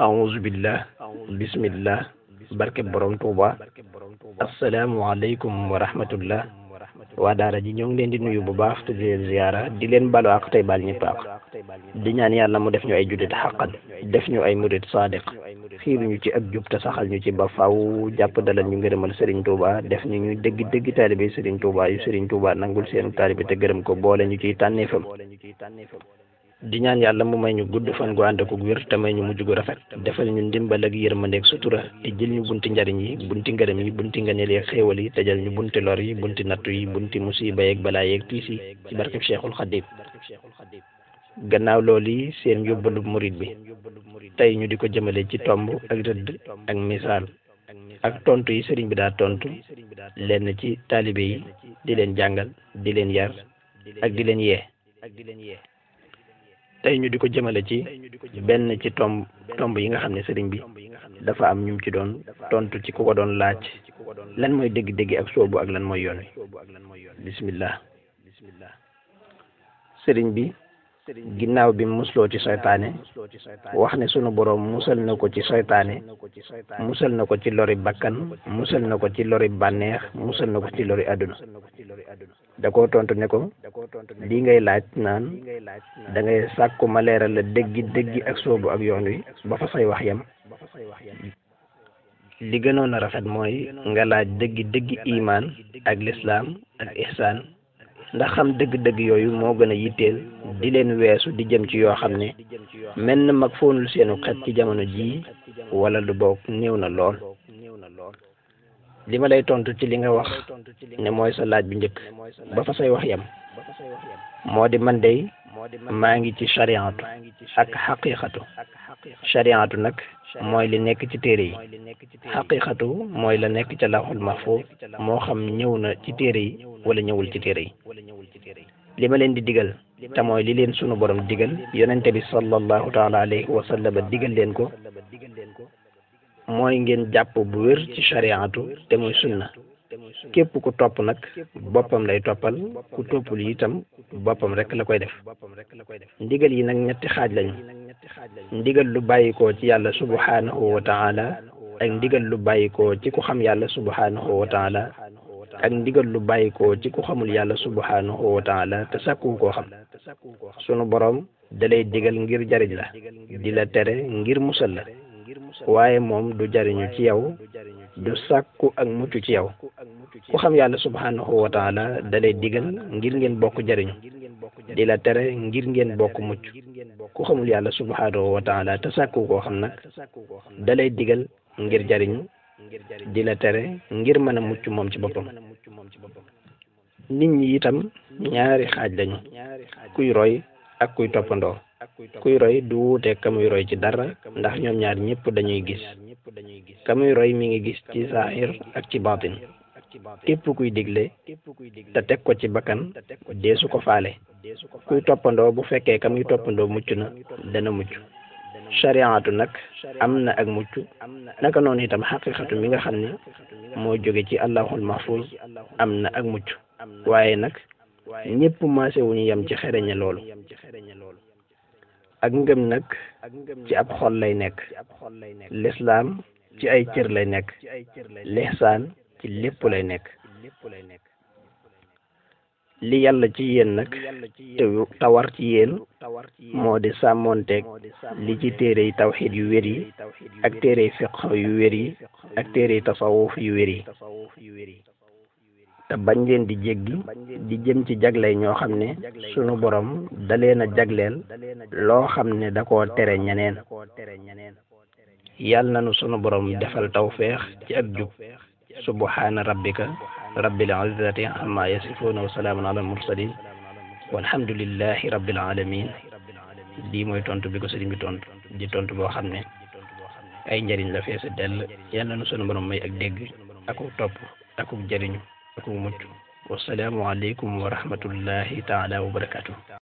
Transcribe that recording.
a aouzubillah bismillah barke borom tuuba asalaamualeykum wa rahmatullah waa daara ji ñoo ngi leen di nuyu bu baax te di leen ziyaara di leen balu ak tey baal ñëpp di ñaan na mu def ñu ay jullit xaqan def ñu ay murit sadiq xiir ñu ci ak jub te saxal ñu ci ba faw jàpp dalal ñu ngërëmal Serigne Touba def ñu ñu dëgg dëgg taalibe Serigne Touba yu Serigne Touba nangul seen taalibe te gërëm ko boole ñu ciy tànneefam di ñaan yàlla mu may ñu gudd fan gu ànd ak wér te may ñu mujj gu rafet defal ñu ndimbal ak yërmandeeg sutura te jël ñu bunti njariñ yi bunti ngërëm yi bunti ngëneel yeeg xéewal yi te ñu bunti lor yi bunti nattu yi bunti musiba yeeg balaa yeeg tiis yi ci barkeb cheikhul xadib gannaaw loolu yi seen yóbbalu murid bi tey ñu di ko jëmale ci tomb ak rëdd ak misaal ak tontu yi sëriñ bi daa tontu lenn ci taalibe yi di leen jàngal di leen yar ak di leen yee tey ñu di ko jëmale ci benn ci tomb tomb yi nga xam ne sëriñ bi dafa am ñu ci doon tontu ci ku ko doon laaj lan mooy dégg-dégg ak soobu ak lan mooy yoon wi bismillah sëriñ bi ginnaaw bi musloo ci soytaane wax ne sunu boroom musal na ko ci soytaane musal na ko ci lori bakkan musal na ko ci lori bànneex musal na ko ci lori àdduna da koo tontu ne ko lii ngay laaj naan da ngay sàkku ma leeral la déggi déggi ak soobu ak yoon wi ba fa say wax yam li gënoon a rafet mooy nga laaj déggi déggi imaan ak lislaam ak ihsaan ndax xam dëgg-dëgg yooyu moo gën a yitteel di leen weesu di jëm ci yoo xam ne mel na mag foonul seenu xet ci jamono jii wala lu boog néew na lool li ma lay tontu ci li nga wax ne mooy sa laaj bi njëkk ba fa say wax yam moo di man dey maa ngi ci chariatu ak xaqiqatu chariatu nag mooy li nekk ci téere yi xaqiqatu mooy la nekk ca laxul mahfuz moo xam ñëw na ci téere yi wala ñëwul ci téere yi li ma leen di digal te mooy li leen sunu borom digal yonente bi sallallahu taala alayhi wa sallam digal leen ko mooy ngeen jàpp bu wér ci shariatu te mooy sunna képp ku topp nag boppam lay toppal ku toppul itam boppam rek la koy def ndigal yi nag ñetti xaaj lañu ndigal lu bàyyikoo ci yàlla subhanahu wa taala ak ndigal lu bàyyikoo ci ku xam yàlla subhanahu wa taala ak ndigal lu bàyyikoo ci ku xamul yàlla subhaanahu wa taala te sàkkuwu koo xam sunu boroom da lay ngir jariñ la di la tere ngir musal la waaye moom du jariñu ci yow du sàkku ak mucc ci yow ku xam yàlla subhaanahu wa taala da lay digal ngir ngeen bokk jariñu la tere ngir ngeen bokk mucc ku xamul yàlla subhaanahu wa taala te sàkku koo xam nag da lay digal ngir jariñu di la tere ngir mën a mucc moom ci boppam nit ñi itam ñaari xaaj lañu kuy roy ak kuy toppandoo kuy roy du wuute kamuy roy ci dara ndax ñoom ñaar ñëpp dañuy gis kamuy roy mi ngi gis ci saahir ak ci baatin képp kuy digle te teg ko ci bakkan dee su ko faale kuy toppandoo bu fekkee kamuy toppandoo mucc na dana mucc chariatu nag am na ak mucc naka noonu itam xaqiqatu mi nga xam ne moo jóge ci allahul mahfuz am na ak mucc waaye nag ñëpp maase wuñu yem ci xereñe loolu ak ngëm nag ci ab xol lay nekk lislaam ci ay cër lay nekk lihsaan ci lépp lay nekk li yàlla ci yéen nag te tawar ci yéen moo di sàmmonteeg li ci téere yi tawxid yu wér yi ak téere yi fiq yu wér yi ak téere yi tasawuf yu wér yi te bañ leen di jéggi di jëm ci jagleel ñoo xam ne sunu boroom da leen a jagleel loo xam ne da koo tere ñeneen yàlla na nu sunu borom defal tawféex ci ak jub subhaana rabbika rabbil izzati amma yasifuuna wa salaamun ala mursalin walhamdulillahi rabbil alamin lii mooy tontu bi ko sëriñ bi tontu di tontu boo xam ne ay njëriñ la fees dell yal na nu sunu borom may ak dégg akuk topp akuk jëriñu akuk mucc wasalaamu aleykum wa rahmatullahi taala wa barakatuh